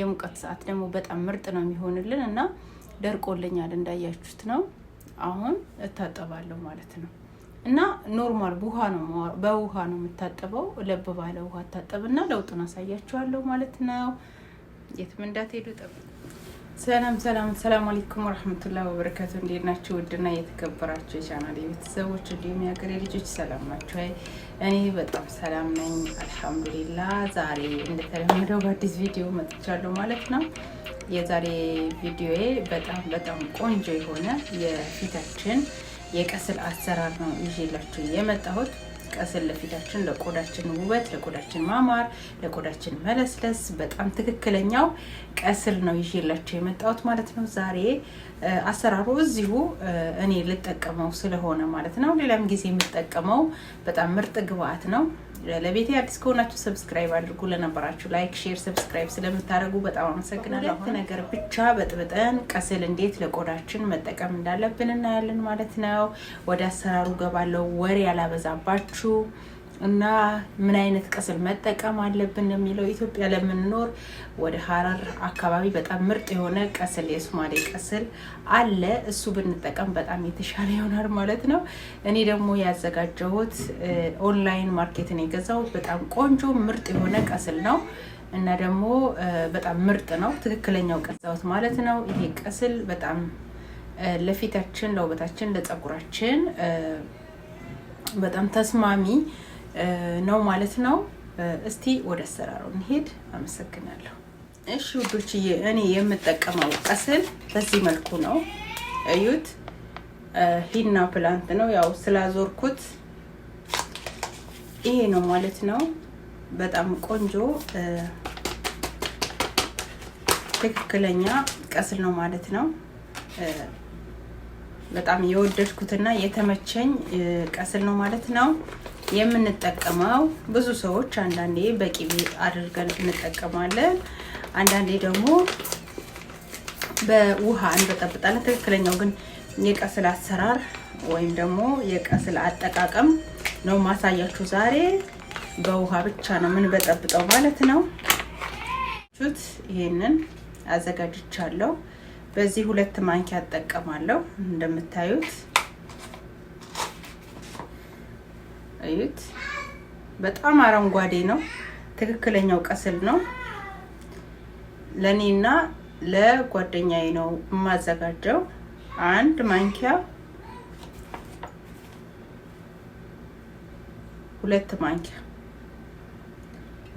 የሙቀት ሰዓት ደግሞ በጣም ምርጥ ነው የሚሆንልን እና ደርቆልኛል እንዳያችሁት ነው። አሁን እታጠባለሁ ማለት ነው እና ኖርማል ውሃ ነው በውሃ ነው የምታጠበው። ለብ ባለ ውሃ እታጠብና ለውጡን አሳያችኋለሁ ማለት ነው። የትም እንዳትሄዱ ጠብ ሰላም ሰላም ሰላም አለይኩም ወራህመቱላሂ ወበረካቱ። እንዴት ናችሁ? ውድና የተከበራችሁ የቻናል ቤተሰቦች እንዲሁም የሀገሬ ልጆች ሰላም ናችሁ? እኔ በጣም ሰላም ነኝ፣ አልሐምዱሊላ። ዛሬ እንደተለመደው በአዲስ ቪዲዮ መጥቻለሁ ማለት ነው። የዛሬ ቪዲዮዬ በጣም በጣም ቆንጆ የሆነ የፊታችን የቀስል አሰራር ነው ይዤላችሁ የመጣሁት። ቀስል ለፊታችን፣ ለቆዳችን ውበት፣ ለቆዳችን ማማር፣ ለቆዳችን መለስለስ በጣም ትክክለኛው ቀስል ነው ይዤላችሁ የመጣሁት ማለት ነው። ዛሬ አሰራሩ እዚሁ እኔ ልጠቀመው ስለሆነ ማለት ነው። ሌላም ጊዜ የምጠቀመው በጣም ምርጥ ግብአት ነው። ለቤቴ አዲስ ከሆናችሁ ሰብስክራይብ አድርጉ። ለነበራችሁ ላይክ፣ ሼር፣ ሰብስክራይብ ስለምታደርጉ በጣም አመሰግናለሁ። ሁለት ነገር ብቻ በጥብጠን ቀስል እንዴት ለቆዳችን መጠቀም እንዳለብን እናያለን ማለት ነው። ወደ አሰራሩ ገባለው ወሬ ያላበዛባችሁ እና ምን አይነት ቅስል መጠቀም አለብን የሚለው ኢትዮጵያ ለምንኖር ወደ ሀረር አካባቢ በጣም ምርጥ የሆነ ቅስል የሶማሌ ቅስል አለ። እሱ ብንጠቀም በጣም የተሻለ ይሆናል ማለት ነው። እኔ ደግሞ ያዘጋጀሁት ኦንላይን ማርኬትን የገዛሁት በጣም ቆንጆ ምርጥ የሆነ ቅስል ነው እና ደግሞ በጣም ምርጥ ነው። ትክክለኛው ቀዛውት ማለት ነው። ይሄ ቅስል በጣም ለፊታችን፣ ለውበታችን፣ ለፀጉራችን በጣም ተስማሚ ነው ማለት ነው። እስቲ ወደ አሰራሩ እንሄድ። አመሰግናለሁ። እሺ ውዶችዬ እኔ የምጠቀመው ቀስል በዚህ መልኩ ነው። እዩት። ሂና ፕላንት ነው ያው ስላዞርኩት ይሄ ነው ማለት ነው። በጣም ቆንጆ ትክክለኛ ቀስል ነው ማለት ነው። በጣም የወደድኩትና የተመቸኝ ቀስል ነው ማለት ነው። የምንጠቀመው ብዙ ሰዎች አንዳንዴ በቂቤ አድርገን እንጠቀማለን። አንዳንዴ ደግሞ በውሃ እንበጠብጣለን። ትክክለኛው ግን የቀስል አሰራር ወይም ደግሞ የቀስል አጠቃቀም ነው ማሳያችሁ ዛሬ። በውሃ ብቻ ነው የምንበጠብጠው ማለት ነው። ት ይሄንን አዘጋጅቻለሁ። በዚህ ሁለት ማንኪያ እጠቀማለሁ እንደምታዩት እዩት። በጣም አረንጓዴ ነው። ትክክለኛው ቀስል ነው። ለእኔና ለጓደኛዬ ነው የማዘጋጀው። አንድ ማንኪያ፣ ሁለት ማንኪያ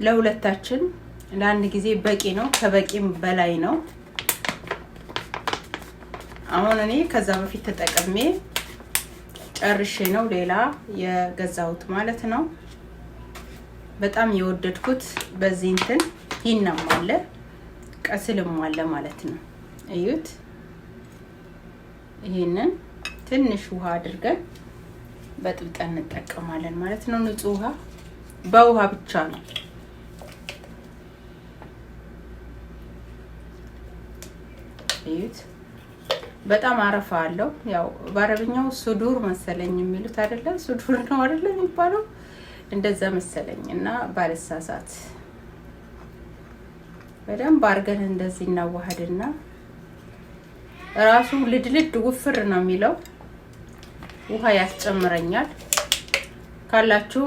ለሁለታችን ለአንድ ጊዜ በቂ ነው። ከበቂም በላይ ነው። አሁን እኔ ከዛ በፊት ተጠቅሜ ጨርሼ ነው ሌላ የገዛሁት ማለት ነው። በጣም የወደድኩት በዚህ እንትን ሂናም አለ ቀስልም አለ ማለት ነው። እዩት። ይሄንን ትንሽ ውሃ አድርገን በጥብጠን እንጠቀማለን ማለት ነው። ንጹህ ውሃ በውሃ ብቻ ነው። እዩት በጣም አረፋ አለው። ያው በአረብኛው ሱዱር መሰለኝ የሚሉት አይደለ? ሱዱር ነው አይደለ የሚባለው? እንደዛ መሰለኝ እና ባልሳሳት በደንብ አድርገን እንደዚህ እናዋህድና ራሱ ልድልድ ውፍር ነው የሚለው ውሃ ያስጨምረኛል። ካላችሁ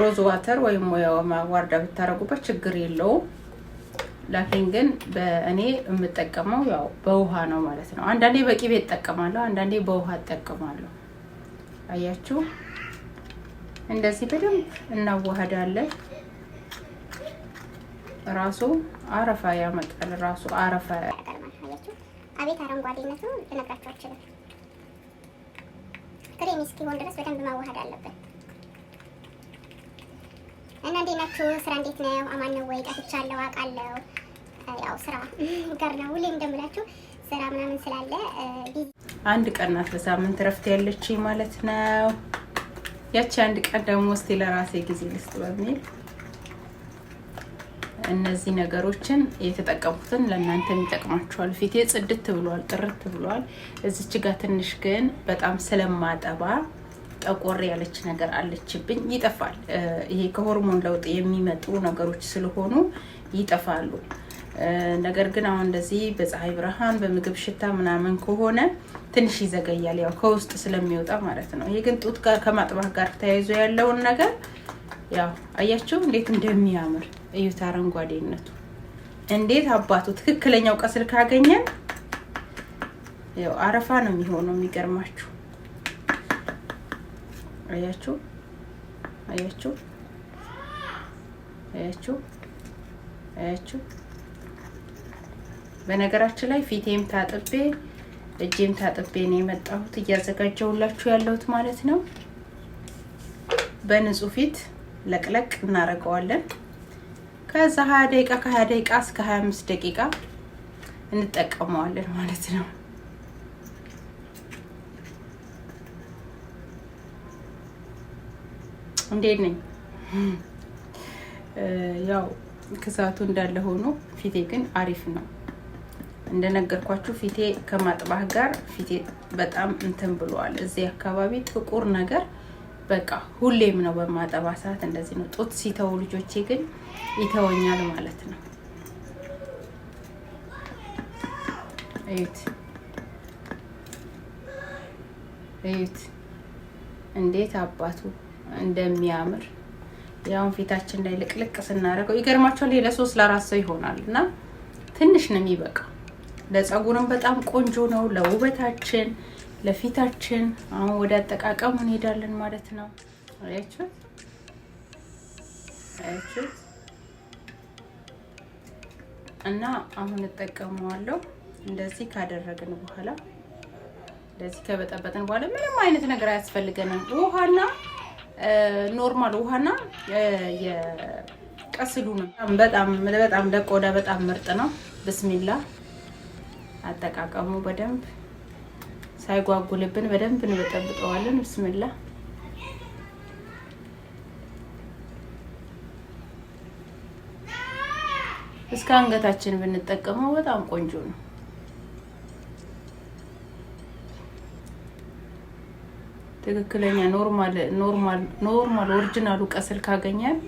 ሮዝ ዋተር ወይም ወይዋ ዋርዳ ብታረጉበት ችግር የለውም። ላኪን ግን በእኔ የምጠቀመው ያው በውሃ ነው ማለት ነው። አንዳንዴ በቂቤ እጠቀማለሁ፣ አንዳንዴ በውሃ እጠቀማለሁ። አያችሁ እንደዚህ በደንብ እናዋህዳለን። ራሱ አረፋ ያመጣል። ራሱ አረፋ አቤት አረንጓዴነቱ ልነግራችሁ አልችልም። ክሬም እስኪሆን ድረስ በደንብ ማዋሃድ አለበት እና እንዴት ናችሁ? ስራ እንዴት ነው? አማን ነው ወይ? ጠፍቻለሁ አውቃለሁ። ያው ስራ ጋር ነው ሁሌ እንደምላችሁ ስራ ምናምን ስላለ አንድ ቀን ናት በሳምንት እረፍት ያለች ማለት ነው። ያቺ አንድ ቀን ደግሞ እስቲ ለራሴ ጊዜ ልስጥ በሚል እነዚህ ነገሮችን የተጠቀሙትን ለእናንተም ይጠቅማችኋል። ፊቴ ጽድት ብሏል፣ ጥርት ብሏል። እዚች ትንሽ ግን በጣም ስለማጠባ ጠቆር ያለች ነገር አለችብኝ። ይጠፋል። ይሄ ከሆርሞን ለውጥ የሚመጡ ነገሮች ስለሆኑ ይጠፋሉ። ነገር ግን አሁን እንደዚህ በፀሐይ ብርሃን በምግብ ሽታ ምናምን ከሆነ ትንሽ ይዘገያል፣ ያው ከውስጥ ስለሚወጣ ማለት ነው። ይሄ ግን ጡት ጋር ከማጥባት ጋር ተያይዞ ያለውን ነገር ያው አያችሁ እንዴት እንደሚያምር እዩት፣ አረንጓዴነቱ እንዴት አባቱ ትክክለኛው ቀስል ካገኘ ያው አረፋ ነው የሚሆነው። የሚገርማችሁ አያችሁ አያችሁ አያችሁ አያችሁ በነገራችን ላይ ፊቴም ታጥቤ እጄም ታጥቤ ነው የመጣሁት እያዘጋጀሁላችሁ ያለሁት ማለት ነው። በንጹህ ፊት ለቅለቅ እናደርገዋለን። ከዛ 20 ደቂቃ ከ20 ደቂቃ እስከ 25 ደቂቃ እንጠቀመዋለን ማለት ነው። እንዴት ነኝ? ያው ክሳቱ እንዳለ ሆኖ ፊቴ ግን አሪፍ ነው። እንደነገርኳችሁ ፊቴ ከማጥባህ ጋር ፊቴ በጣም እንትን ብሏል እዚህ አካባቢ ጥቁር ነገር በቃ ሁሌም ነው በማጠባ ሰዓት እንደዚህ ነው። ጡት ሲተው ልጆቼ ግን ይተወኛል ማለት ነው። እዩት እዩት እንዴት አባቱ እንደሚያምር ያውን ፊታችን ላይ ልቅልቅ ስናደርገው ይገርማቸዋል። ለሶስት ለአራት ሰው ይሆናል እና ትንሽ ነው የሚበቃው። ለፀጉርም በጣም ቆንጆ ነው። ለውበታችን፣ ለፊታችን። አሁን ወደ አጠቃቀሙ እንሄዳለን ማለት ነው። አያችሁት? አያችሁት? እና አሁን እጠቀመዋለሁ። እንደዚህ ካደረግን በኋላ እንደዚህ ከበጠበጥን በኋላ ምንም አይነት ነገር አያስፈልገንም። ውሃና ኖርማል ውሃና የቀስሉ ነው። በጣም በጣም ለቆዳ በጣም ምርጥ ነው። ብስሚላህ። አጠቃቀሙ በደንብ ሳይጓጉልብን በደንብ እንበጠብጠዋለን። ብስምላ እስከ አንገታችን ብንጠቀመው በጣም ቆንጆ ነው። ትክክለኛ ኖርማል ኖርማል ኖርማል ኦሪጂናሉ ቀስል ካገኘን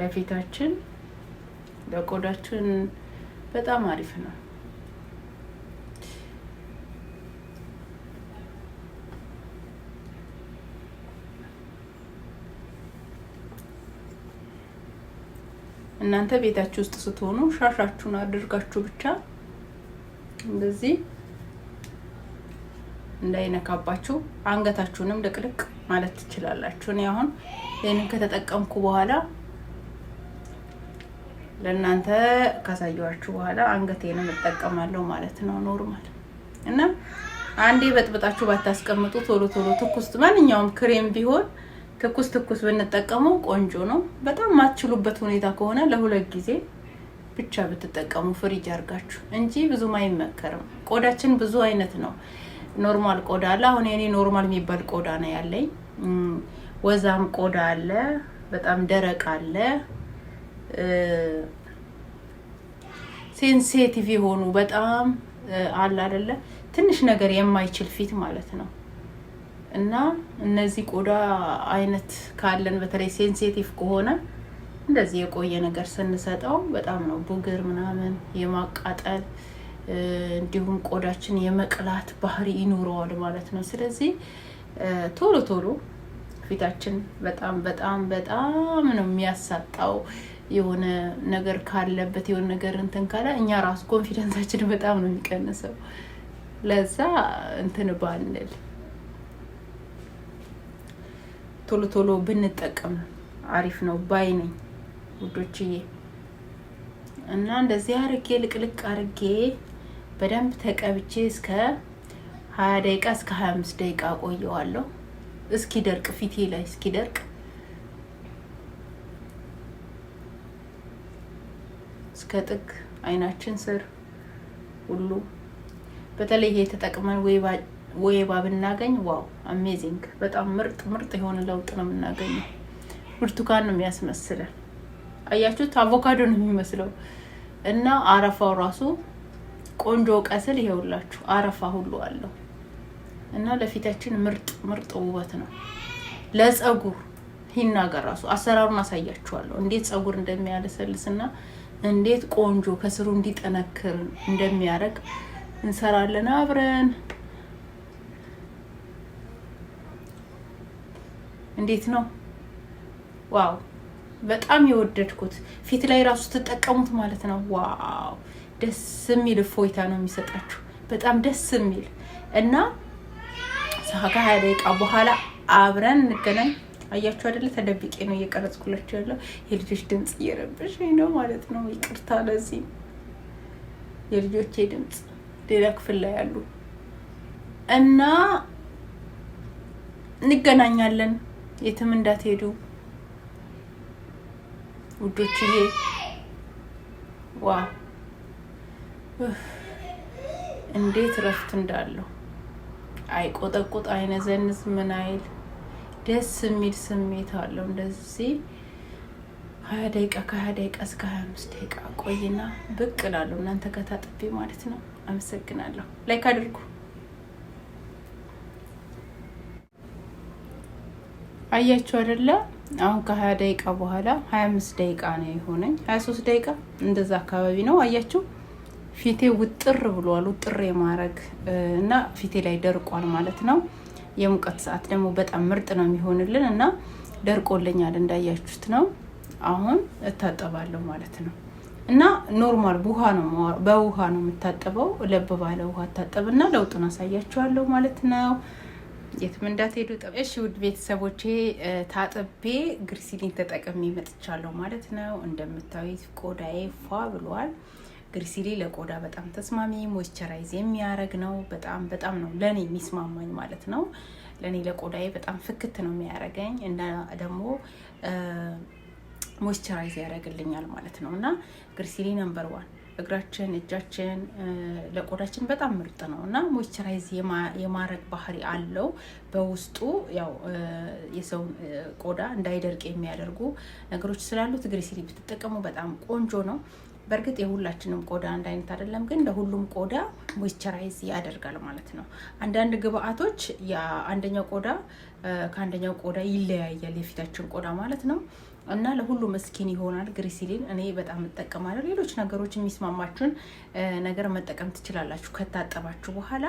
ለፊታችን ለቆዳችን በጣም አሪፍ ነው። እናንተ ቤታችሁ ውስጥ ስትሆኑ ሻሻችሁን አድርጋችሁ ብቻ እንደዚህ እንዳይነካባችሁ አንገታችሁንም ልቅልቅ ማለት ትችላላችሁ። እኔ አሁን ይህንን ከተጠቀምኩ በኋላ ለእናንተ ካሳየኋችሁ በኋላ አንገቴንም እጠቀማለሁ ማለት ነው። ኖርማል እና አንዴ በጥብጣችሁ ባታስቀምጡ ቶሎ ቶሎ ትኩስት ማንኛውም ክሬም ቢሆን ትኩስ ትኩስ ብንጠቀመው ቆንጆ ነው። በጣም ማትችሉበት ሁኔታ ከሆነ ለሁለት ጊዜ ብቻ ብትጠቀሙ ፍሪጅ አድርጋችሁ እንጂ ብዙም አይመከርም። ቆዳችን ብዙ አይነት ነው። ኖርማል ቆዳ አለ። አሁን የኔ ኖርማል የሚባል ቆዳ ነው ያለኝ። ወዛም ቆዳ አለ፣ በጣም ደረቅ አለ፣ ሴንሴቲቭ የሆኑ በጣም አለ አይደለ፣ ትንሽ ነገር የማይችል ፊት ማለት ነው። እና እነዚህ ቆዳ አይነት ካለን በተለይ ሴንሲቲቭ ከሆነ እንደዚህ የቆየ ነገር ስንሰጠው በጣም ነው ቡግር ምናምን የማቃጠል እንዲሁም ቆዳችን የመቅላት ባህሪ ይኖረዋል ማለት ነው። ስለዚህ ቶሎ ቶሎ ፊታችን በጣም በጣም በጣም ነው የሚያሳጣው። የሆነ ነገር ካለበት የሆነ ነገር እንትን ካለ እኛ ራሱ ኮንፊደንሳችን በጣም ነው የሚቀንሰው። ለዛ እንትን ባንል ቶሎ ቶሎ ብንጠቀም አሪፍ ነው ባይ ነኝ ውዶችዬ። እና እንደዚህ አርጌ ልቅልቅ አርጌ በደንብ ተቀብቼ እስከ 20 ደቂቃ እስከ 25 ደቂቃ ቆየዋለሁ። እስኪ ደርቅ ፊቴ ላይ እስኪ ደርቅ እስከ ጥግ አይናችን ስር ሁሉ በተለይ የተጠቅመን ወይ ወይባ ብናገኝ ዋው አሜዚንግ! በጣም ምርጥ ምርጥ የሆነ ለውጥ ነው የምናገኘው። ብርቱካን ነው የሚያስመስለን። አያችሁት? አቮካዶ ነው የሚመስለው እና አረፋው ራሱ ቆንጆ ቀስል ይሄውላችሁ፣ አረፋ ሁሉ አለው እና ለፊታችን ምርጥ ምርጥ ውበት ነው። ለፀጉር ሂና ራሱ አሰራሩን አሳያችኋለሁ፣ እንዴት ፀጉር እንደሚያለሰልስና እንዴት ቆንጆ ከስሩ እንዲጠነክር እንደሚያደርግ እንሰራለን አብረን እንዴት ነው? ዋው በጣም የወደድኩት ፊት ላይ ራሱ ተጠቀሙት ማለት ነው። ዋው ደስ የሚል እፎይታ ነው የሚሰጣችሁ በጣም ደስ የሚል እና ሀያ ደቂቃ በኋላ አብረን እንገናኝ። አያችሁ አይደለ? ተደብቄ ነው እየቀረጽኩላችሁ ያለው የልጆች ድምፅ እየረበሸኝ ነው ማለት ነው። ይቅርታ ለዚህ የልጆቼ ድምፅ ሌላ ክፍል ላይ ያሉ እና እንገናኛለን። የትም እንዳትሄዱ ውዶችዬ። ዋ እንዴት እረፍት እንዳለው አይቆጠቁጥ፣ አይነዘንዝ፣ ምን አይል ደስ የሚል ስሜት አለው። እንደዚህ ሀያ ደቂቃ ከሀያ ደቂቃ እስከ ሀያ አምስት ደቂቃ ቆይና ብቅ እላለሁ እናንተ ከታጥፌ ማለት ነው። አመሰግናለሁ። ላይክ አድርጉ። አያችሁ አይደለ? አሁን ከ ከ20 ደቂቃ በኋላ 25 ደቂቃ ነው የሆነኝ፣ 23 ደቂቃ እንደዛ አካባቢ ነው። አያችሁ ፊቴ ውጥር ብሏል። ውጥር የማረግ እና ፊቴ ላይ ደርቋል ማለት ነው። የሙቀት ሰዓት ደግሞ በጣም ምርጥ ነው የሚሆንልን እና ደርቆልኛል እንዳያችሁት ነው። አሁን እታጠባለሁ ማለት ነው እና ኖርማል ውሃ ነው በውሃ ነው የምታጠበው። ለብ ባለ ውሃ እታጠብና ለውጡን አሳያችኋለሁ ማለት ነው። የትም እንዳትሄዱ። እሺ ውድ ቤተሰቦቼ ታጥቤ ግሪሲሊን ተጠቅሜ መጥቻለሁ ማለት ነው። እንደምታዩት ቆዳዬ ፏ ብሏል። ግሪሲሊ ለቆዳ በጣም ተስማሚ ሞይስቸራይዝ የሚያደርግ ነው። በጣም በጣም ነው ለእኔ የሚስማማኝ ማለት ነው። ለእኔ ለቆዳዬ በጣም ፍክት ነው የሚያደርገኝ እና ደግሞ ሞይስቸራይዝ ያደርግልኛል ማለት ነው እና ግሪሲሊ ነምበር ዋን እግራችን፣ እጃችን ለቆዳችን በጣም ምርጥ ነው እና ሞይስቸራይዝ የማረግ ባህሪ አለው በውስጡ ያው የሰውን ቆዳ እንዳይደርቅ የሚያደርጉ ነገሮች ስላሉት ግሪሲሪ ብትጠቀሙ በጣም ቆንጆ ነው። በእርግጥ የሁላችንም ቆዳ አንድ አይነት አይደለም፣ ግን ለሁሉም ቆዳ ሞይስቸራይዝ ያደርጋል ማለት ነው። አንዳንድ ግብአቶች የአንደኛው ቆዳ ከአንደኛው ቆዳ ይለያያል፣ የፊታችን ቆዳ ማለት ነው። እና ለሁሉ መስኪን ይሆናል። ግሪሲሊን እኔ በጣም እጠቀማለሁ። ሌሎች ነገሮች የሚስማማችሁን ነገር መጠቀም ትችላላችሁ። ከታጠባችሁ በኋላ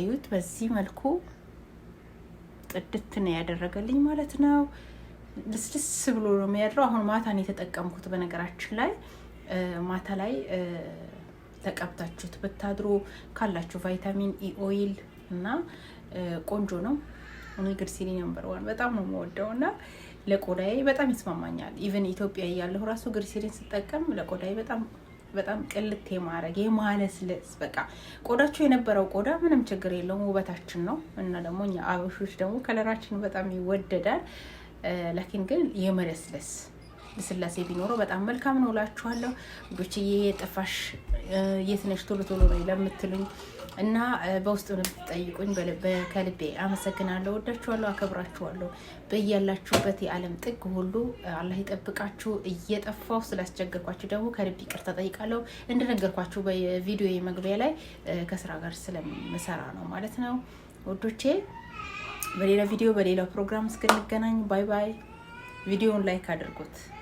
እዩት። በዚህ መልኩ ጥድት ነው ያደረገልኝ ማለት ነው። ልስልስ ብሎ ነው የሚያድረው። አሁን ማታ ነው የተጠቀምኩት። በነገራችን ላይ ማታ ላይ ተቀብታችሁት ብታድሩ ካላችሁ ቫይታሚን ኢ ኦይል እና ቆንጆ ነው። እኔ ግሪሲሊን ነምበር ዋን በጣም ነው የምወደው እና ለቆዳዬ በጣም ይስማማኛል። ኢቨን ኢትዮጵያ እያለሁ ራሱ ግሪሲሪን ስጠቀም ለቆዳዬ በጣም በጣም ቅልት የማድረግ የማለስለስ በቃ ቆዳቸው የነበረው ቆዳ ምንም ችግር የለውም፣ ውበታችን ነው እና ደግሞ እኛ አበሾች ደግሞ ከለራችን በጣም ይወደዳል። ላኪን ግን የመለስለስ ልስላሴ ቢኖረው በጣም መልካም ነው እላችኋለሁ ውዶችዬ። ጥፋሽ የት ነሽ ቶሎ ቶሎ ነው ለምትሉኝ እና በውስጥ ነው የምትጠይቁኝ፣ ከልቤ አመሰግናለሁ። ወዳችኋለሁ፣ አከብራችኋለሁ። በያላችሁበት የዓለም ጥግ ሁሉ አላህ ይጠብቃችሁ። እየጠፋው ስላስቸገርኳችሁ ደግሞ ከልቤ ይቅርታ ጠይቃለሁ። እንደነገርኳችሁ በቪዲዮ መግቢያ ላይ ከስራ ጋር ስለምሰራ ነው ማለት ነው ወዶቼ። በሌላ ቪዲዮ በሌላ ፕሮግራም እስክንገናኝ ባይ ባይ። ቪዲዮውን ላይክ አድርጉት።